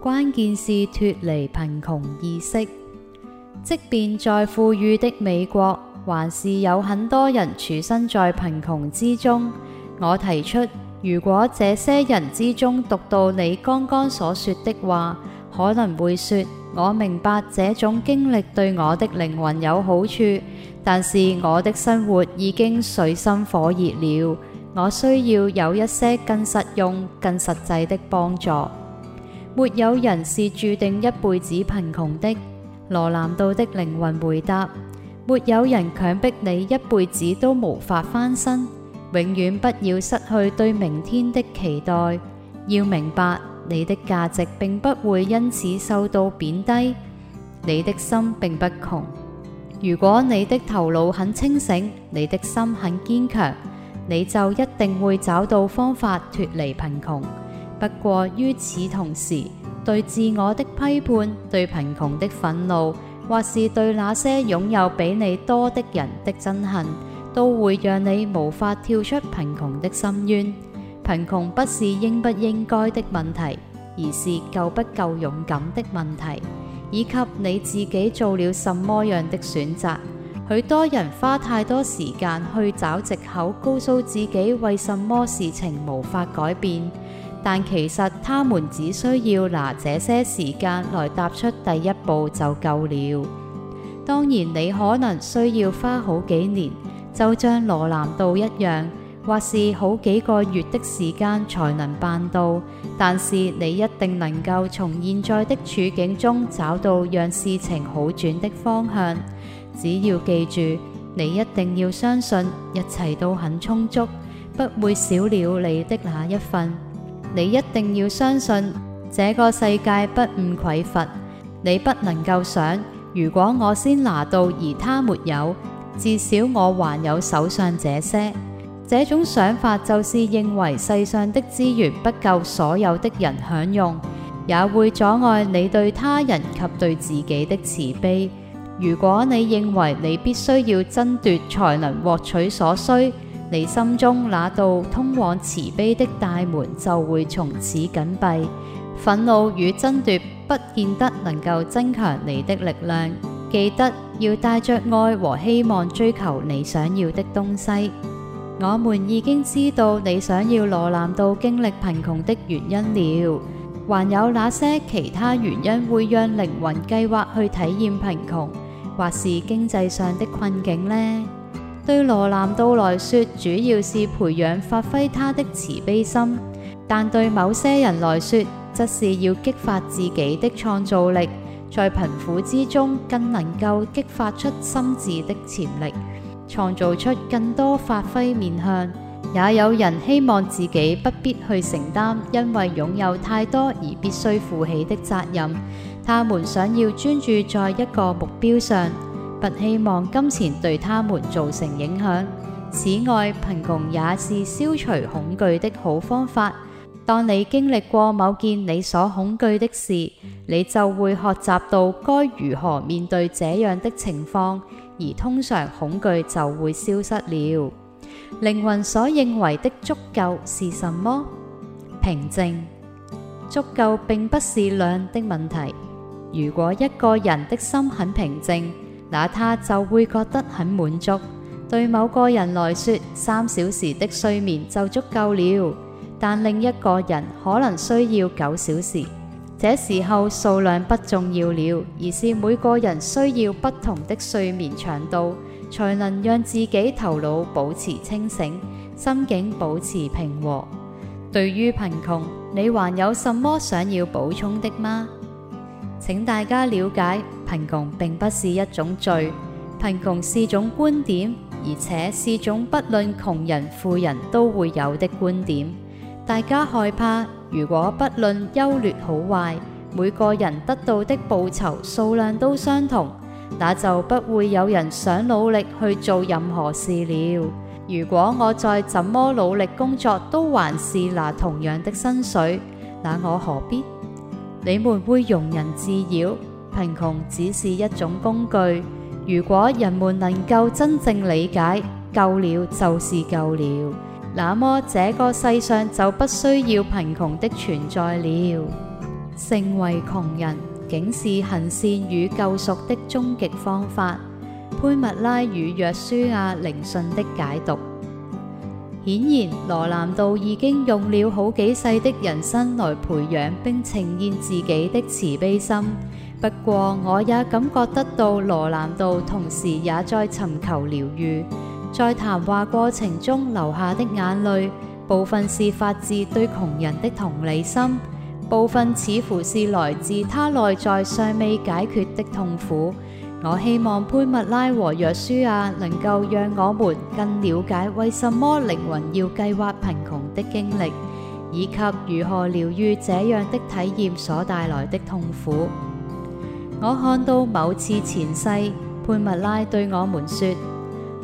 關鍵是脫離貧窮意識。即便在富裕的美國，還是有很多人處身在貧窮之中。我提出，如果這些人之中讀到你剛剛所說的話，可能會說：我明白這種經歷對我的靈魂有好處，但是我的生活已經水深火熱了，我需要有一些更實用、更實際的幫助。沒有人是注定一輩子貧窮的。羅南度的靈魂回答：沒有人強迫你一輩子都無法翻身。永遠不要失去對明天的期待。要明白你的價值並不會因此受到貶低。你的心並不窮。如果你的頭腦很清醒，你的心很堅強，你就一定會找到方法脱離貧窮。不過，與此同時，對自我的批判、對貧窮的憤怒，或是對那些擁有比你多的人的憎恨，都會讓你無法跳出貧窮的深淵。貧窮不是應不應該的問題，而是夠不夠勇敢的問題，以及你自己做了什麼樣的選擇。許多人花太多時間去找藉口，告訴自己為什麼事情無法改變。但其實他們只需要拿這些時間來踏出第一步就夠了。當然，你可能需要花好幾年，就像羅南度一樣，或是好幾個月的時間才能辦到。但是你一定能夠從現在的處境中找到讓事情好轉的方向。只要記住，你一定要相信，一切都很充足，不會少了你的那一份。你一定要相信，這個世界不虞匱乏。你不能夠想，如果我先拿到而他沒有，至少我還有手上這些。這種想法就是認為世上的資源不夠所有的人享用，也會阻礙你對他人及對自己的慈悲。如果你認為你必須要爭奪才能獲取所需。你心中那道通往慈悲的大門就會從此緊閉。憤怒與爭奪不見得能夠增強你的力量。記得要帶着愛和希望追求你想要的東西。我們已經知道你想要羅南度經歷貧窮的原因了。還有哪些其他原因會讓靈魂計劃去體驗貧窮，或是經濟上的困境呢？對羅南度來說，主要是培養發揮他的慈悲心，但對某些人來說，則是要激發自己的創造力，在貧苦之中更能夠激發出心智的潛力，創造出更多發揮面向。也有人希望自己不必去承擔，因為擁有太多而必須負起的責任，他們想要專注在一個目標上。不希望金錢對他們造成影響。此外，貧窮也是消除恐懼的好方法。當你經歷過某件你所恐懼的事，你就會學習到該如何面對這樣的情況，而通常恐懼就會消失了。靈魂所認為的足夠是什麼？平靜。足夠並不是量的問題。如果一個人的心很平靜，那他就會覺得很滿足。對某個人來說，三小時的睡眠就足夠了，但另一個人可能需要九小時。這時候數量不重要了，而是每個人需要不同的睡眠長度，才能讓自己頭腦保持清醒，心境保持平和。對於貧窮，你還有什麼想要補充的嗎？請大家了解，貧窮並不是一種罪，貧窮是種觀點，而且是種不論窮人富人都會有的觀點。大家害怕，如果不論優劣好壞，每個人得到的報酬數量都相同，那就不會有人想努力去做任何事了。如果我再怎麼努力工作，都還是拿同樣的薪水，那我何必？你們會容人自擾，貧窮只是一種工具。如果人們能夠真正理解，夠了就是夠了，那麼這個世上就不需要貧窮的存在了。成為窮人，竟是行善與救贖的終極方法。潘蜜拉與約書亞靈訊的解讀。顯然羅南道已經用了好幾世的人生來培養並呈現自己的慈悲心。不過，我也感覺得到羅南道同時也在尋求療愈。在談話過程中流下的眼淚，部分是發自對窮人的同理心，部分似乎是來自他內在尚未解決的痛苦。我希望潘蜜拉和約書亞能夠讓我們更了解為什麼靈魂要計劃貧窮的經歷，以及如何療癒這樣的體驗所帶來的痛苦。我看到某次前世，潘蜜拉對我們說：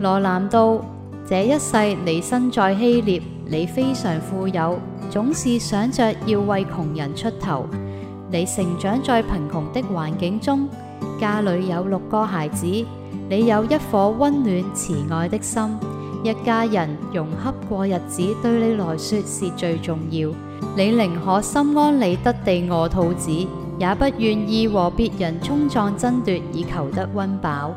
羅南度，這一世你身在希臘，你非常富有，總是想着要為窮人出頭。你成長在貧窮的環境中。家裏有六個孩子，你有一顆溫暖慈愛的心，一家人融洽過日子對你來說是最重要。你寧可心安理得地餓肚子，也不願意和別人衝撞爭奪以求得溫飽。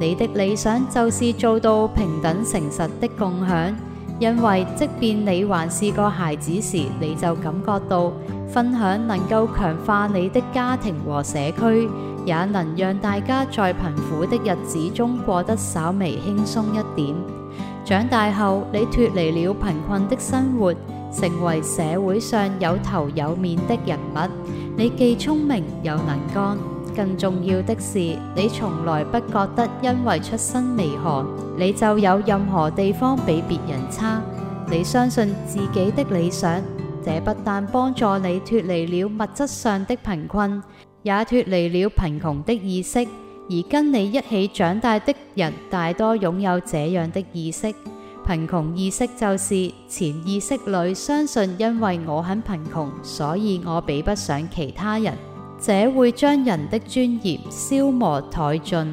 你的理想就是做到平等誠實的共享，因為即便你還是個孩子時，你就感覺到分享能夠強化你的家庭和社區。也能讓大家在貧苦的日子中過得稍微輕鬆一點。長大後，你脱離了貧困的生活，成為社會上有頭有面的人物。你既聰明又能幹，更重要的是，你從來不覺得因為出身微寒，你就有任何地方比別人差。你相信自己的理想，這不但幫助你脱離了物質上的貧困。也脫離了貧窮的意識，而跟你一起長大的人大多擁有這樣的意識。貧窮意識就是潛意識裏相信，因為我很貧窮，所以我比不上其他人。這會將人的尊嚴消磨殆盡。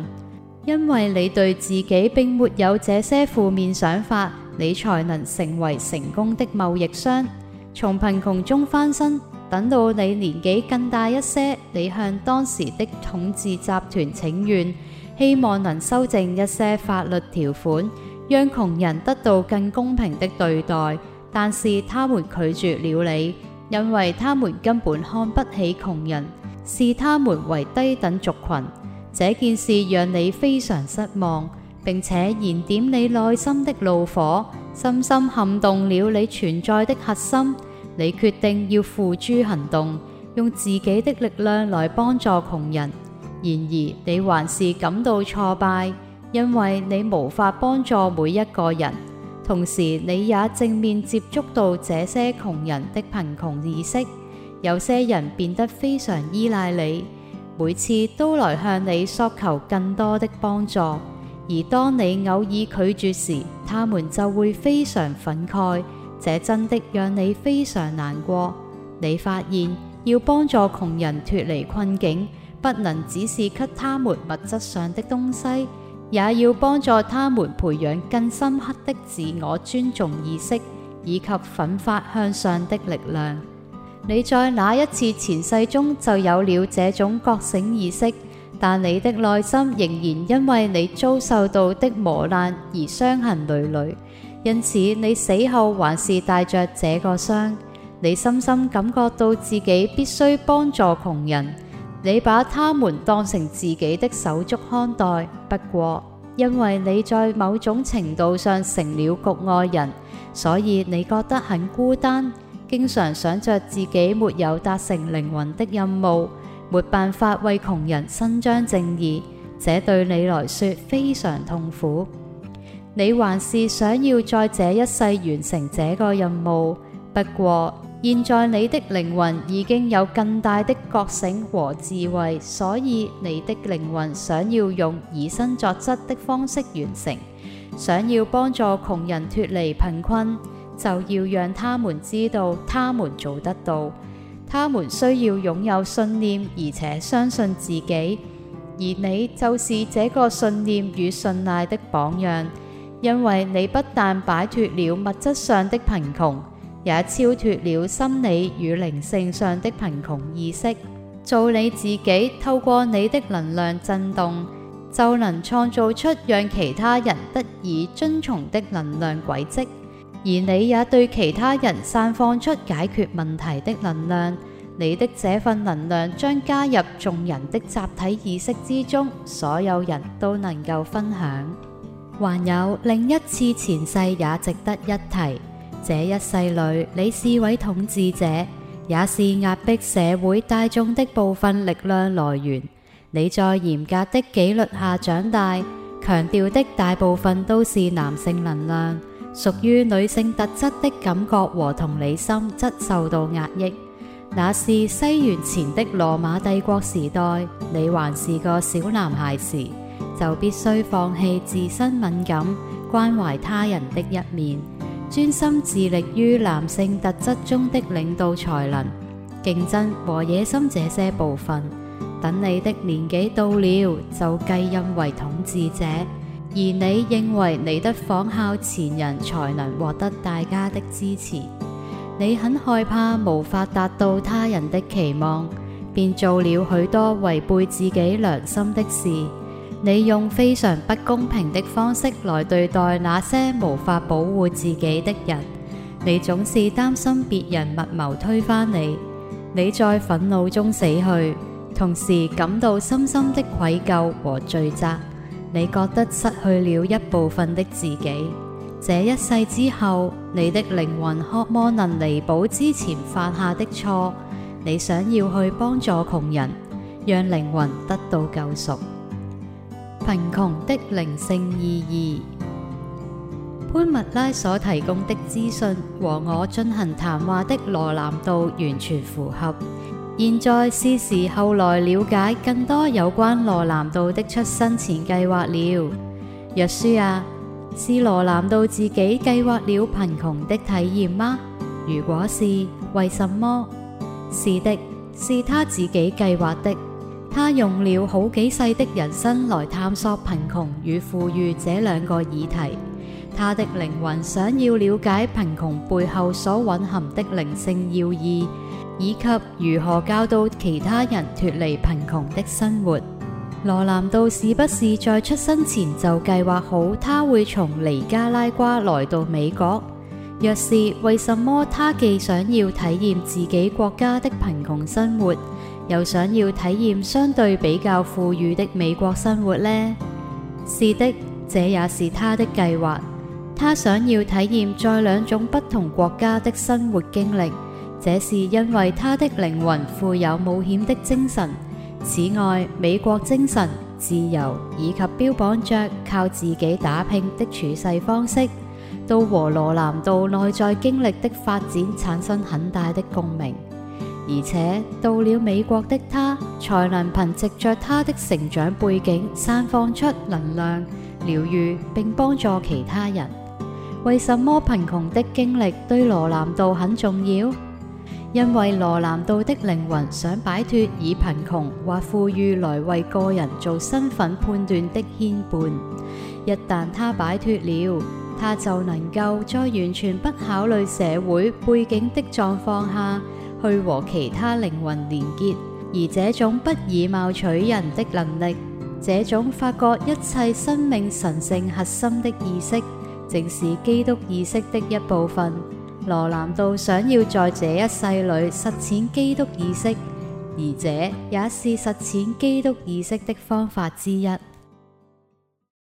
因為你對自己並沒有這些負面想法，你才能成為成功的貿易商，從貧窮中翻身。等到你年紀更大一些，你向當時的統治集團請願，希望能修正一些法律條款，讓窮人得到更公平的對待。但是他們拒絕了你，因為他們根本看不起窮人，視他們為低等族群。這件事讓你非常失望，並且燃點你內心的怒火，深深撼動了你存在的核心。你決定要付諸行動，用自己的力量來幫助窮人。然而，你還是感到挫敗，因為你無法幫助每一個人。同時，你也正面接觸到這些窮人的貧窮意識。有些人變得非常依賴你，每次都來向你索求更多的幫助。而當你偶爾拒絕時，他們就會非常憤慨。這真的讓你非常難過。你發現，要幫助窮人脫離困境，不能只是給他們物質上的東西，也要幫助他們培養更深刻的自我尊重意識以及奮發向上的力量。你在那一次前世中就有了這種覺醒意識，但你的內心仍然因為你遭受到的磨難而傷痕累累。因此，你死後還是帶着這個傷。你深深感覺到自己必須幫助窮人，你把他們當成自己的手足看待。不過，因為你在某種程度上成了局外人，所以你覺得很孤單，經常想着自己沒有達成靈魂的任務，沒辦法為窮人伸張正義，這對你來說非常痛苦。你還是想要在這一世完成這個任務，不過現在你的靈魂已經有更大的覺醒和智慧，所以你的靈魂想要用以身作則的方式完成，想要幫助窮人脱離貧困，就要讓他們知道他們做得到，他們需要擁有信念而且相信自己，而你就是這個信念與信賴的榜樣。因為你不但擺脫了物質上的貧窮，也超脫了心理與靈性上的貧窮意識。做你自己，透過你的能量震動，就能創造出讓其他人得以遵從的能量軌跡。而你也對其他人散放出解決問題的能量，你的這份能量將加入眾人的集體意識之中，所有人都能夠分享。還有另一次前世也值得一提，這一世裏你是位統治者，也是壓迫社會大眾的部分力量來源。你在嚴格的紀律下長大，強調的大部分都是男性能量，屬於女性特質的感覺和同理心則受到壓抑。那是西元前的羅馬帝國時代，你還是個小男孩時，就必須放棄自身敏感、關懷他人的一面，專心致力於男性特質中的領導才能、競爭和野心這些部分。等你的年紀到了，就繼任為統治者，而你認為你得仿效前人才能獲得大家的支持。你很害怕無法達到他人的期望，便做了許多違背自己良心的事。你用非常不公平的方式來對待那些無法保護自己的人。你總是擔心別人密謀推翻你。你在憤怒中死去，同時感到深深的愧疚和罪責。你覺得失去了一部分的自己。這一世之後，你的靈魂渴望能彌補之前犯下的錯。你想要去幫助窮人，讓靈魂得到救贖。貧窮的靈性意義，潘蜜拉所提供的資訊和我進行談話的羅南度完全符合。現在是時候來了解更多有關羅南度的出生前計劃了。約書亞，是羅南度自己計劃了貧窮的體驗嗎？如果是，為什麼？是的，是他自己計劃的。他用了好幾世的人生來探索貧窮與富裕這兩個議題。他的靈魂想要了解貧窮背後所蘊含的靈性要義，以及如何教導其他人脫離貧窮的生活。羅南度是不是在出生前就計劃好他會從尼加拉瓜來到美國？若是，為什麼他既想要體驗自己國家的貧窮生活？又想要體驗相對比較富裕的美國生活呢？是的，這也是他的計劃。他想要體驗在兩種不同國家的生活經歷，這是因為他的靈魂富有冒險的精神。此外，美國精神、自由以及標榜着靠自己打拼的處世方式，都和羅南度內在經歷的發展產生很大的共鳴。而且到了美國的他，才能憑借着他的成長背景，散發出能量療愈並幫助其他人。為什麼貧窮的經歷對羅南度很重要？因為羅南度的靈魂想擺脫以貧窮或富裕來為個人做身份判斷的牽絆。一旦他擺脫了，他就能夠在完全不考慮社會背景的狀況下。去和其他靈魂連結，而這種不以貌取人的能力，這種發覺一切生命神性核心的意識，正是基督意識的一部分。羅南度想要在這一世裏實踐基督意識，而這也是實踐基督意識的方法之一。